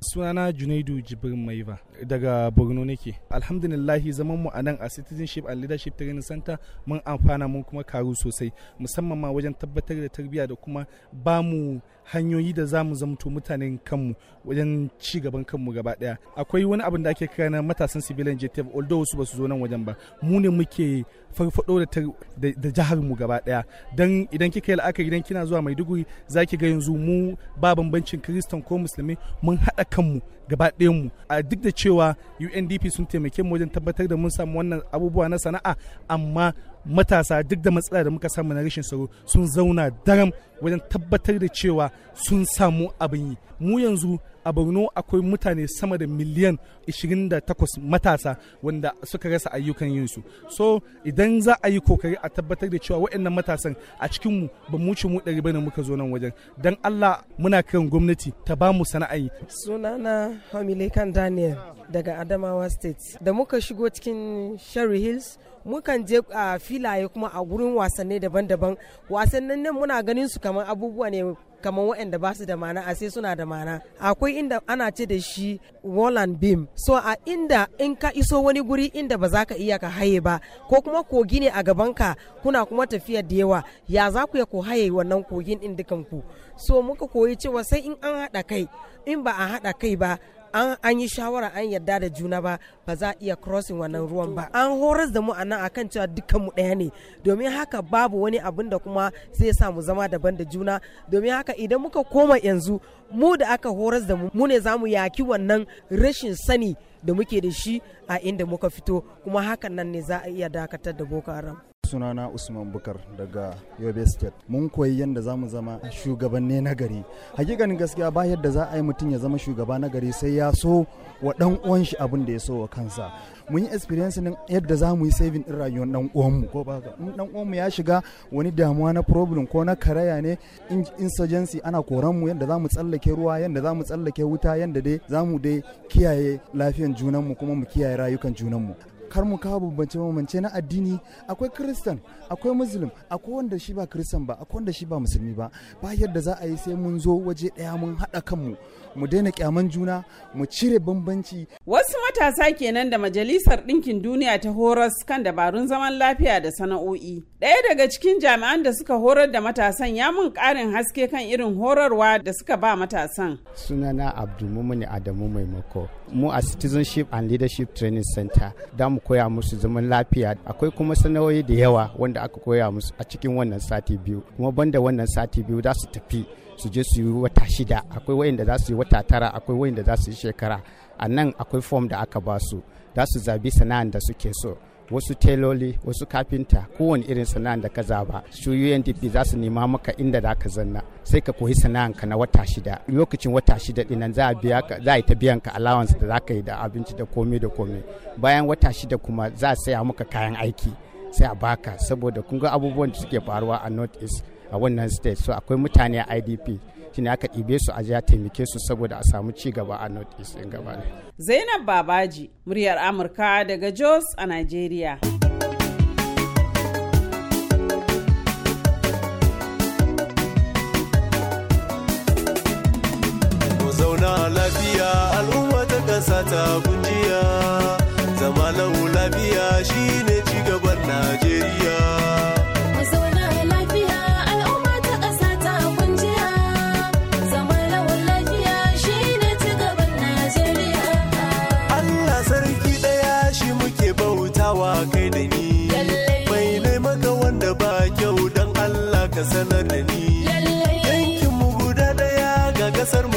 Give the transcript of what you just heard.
sunana junaidu jibrin maiva daga borno nake alhamdulillahi zaman mu a nan a citizenship and leadership training center mun amfana mun kuma karu sosai musamman ma wajen tabbatar da tarbiyya da kuma ba mu hanyoyi da zamu mu zamto mutanen kanmu wajen ci gaban kanmu gaba daya akwai wani abin da ake kira na matasan civilian jtf although su ba zo nan wajen ba mu ne muke farfado da, da jihar mu gaba daya dan idan kika yi la'akari idan kina zuwa maiduguri zaki ga yanzu mu ba bambancin kristan ko musulmi mun haɗa kanmu gaba mu a duk da cewa UNDP sun taimake mu wajen tabbatar da mun samu wannan abubuwa na sana'a amma matasa duk da matsala da muka samu na rashin tsaro sun zauna daram wajen tabbatar da cewa sun samu abin yi mu yanzu a borno akwai mutane sama da miliyan 28 matasa wanda suka rasa ayyukan yinsu so idan za a yi kokari a tabbatar da cewa waɗannan matasan a cikinmu ba mu ci mu ɗari bane muka zo nan wajen don allah muna kiran gwamnati ta ba mu sana'ayi sunana Hamilikan daniel daga adamawa state da muka shigo cikin sherry hills mukan je a filaye kuma a gurin wasanni daban-daban wasannin nan muna ganin su kamar abubuwa ne kamar waɗanda ba su da mana a sai suna da mana akwai inda ana ce da shi wall and beam so a inda in ka iso wani guri inda ba za ka iya ka haye ba ko kuma kogi ne a gaban ka kuna kuma tafiya da yawa ya za ku ya ko haye wannan kogin din dukan ku so muka koyi cewa sai in an haɗa kai in ba a haɗa kai ba an yi shawara an yarda da juna ba ba za iya crossing wannan ruwan ba an horar da mu a nan akan cewa dukkan mu ɗaya ne domin haka babu wani abin da kuma zai sa mu zama daban da juna domin haka idan muka koma yanzu mu da aka horar da mu mu ne za mu yaki wannan rashin sani da muke da shi a inda muka fito kuma hakan nan ne za a iya dakatar da boko haram sunana usman bukar daga yobe state mun koyi yadda za mu zama shugabanni na gari hakikanin gaskiya ba yadda za a yi mutum ya zama shugaba na gari sai ya so wa dan uwan shi abin da ya so wa kansa mun yi experience din yadda za mu yi saving din rayuwar dan mu ko ba in dan uwanmu ya shiga wani damuwa na problem ko na karaya ne insurgency ana koran mu yadda za mu tsallake ruwa yadda za mu tsallake wuta yadda dai za mu dai kiyaye lafiyan junanmu kuma mu kiyaye rayukan junan mu kar mu kawo bambance bambance na addini akwai kristan akwai muslim akwai wanda shi ba kristan ba akwai wanda shi ba musulmi ba ba yadda za a yi sai mun zo waje daya mun hada kanmu mu daina kyaman juna mu cire bambanci wasu matasa kenan da majalisar ɗinkin duniya ta horas kan dabarun zaman lafiya da sana'o'i ɗaya daga cikin jami'an da suka horar da matasan ya mun ƙarin haske kan irin horarwa da suka ba matasan sunana abdulmumin adamu maimako mu a citizenship and leadership training center da mu koya musu zaman lafiya akwai kuma sana'o'i da yawa wanda aka koya musu a cikin wannan sati biyu kuma banda wannan sati biyu za su tafi su je su yi wata shida akwai wayanda za su yi wata tara akwai wayanda za su yi shekara a nan akwai fom da aka ba su za su zabi sana'an da suke so wasu teloli wasu kafinta kowane irin sana'an da ka zaba su UNDP za su nema maka inda za ka zanna sai ka koyi sana'an ka na wata shida lokacin wata shida dinan za a biya za yi ta biyan ka allowance da za ka yi da abinci da komai da komai bayan wata shida kuma za a saya maka kayan aiki sai a baka saboda kun ga abubuwan da suke faruwa a north east a wannan state so akwai mutane a idp shine aka ɗibe su a taimake su saboda a samu ci gaba a north east din gaba zainab babaji muryar amurka daga jos a nigeria lafiya al'umma ta kasa ta jiya. kai da ni mai ne maka wanda ba kyau don Allah ka sanar da ni yankin mu guda daya ga kasar mu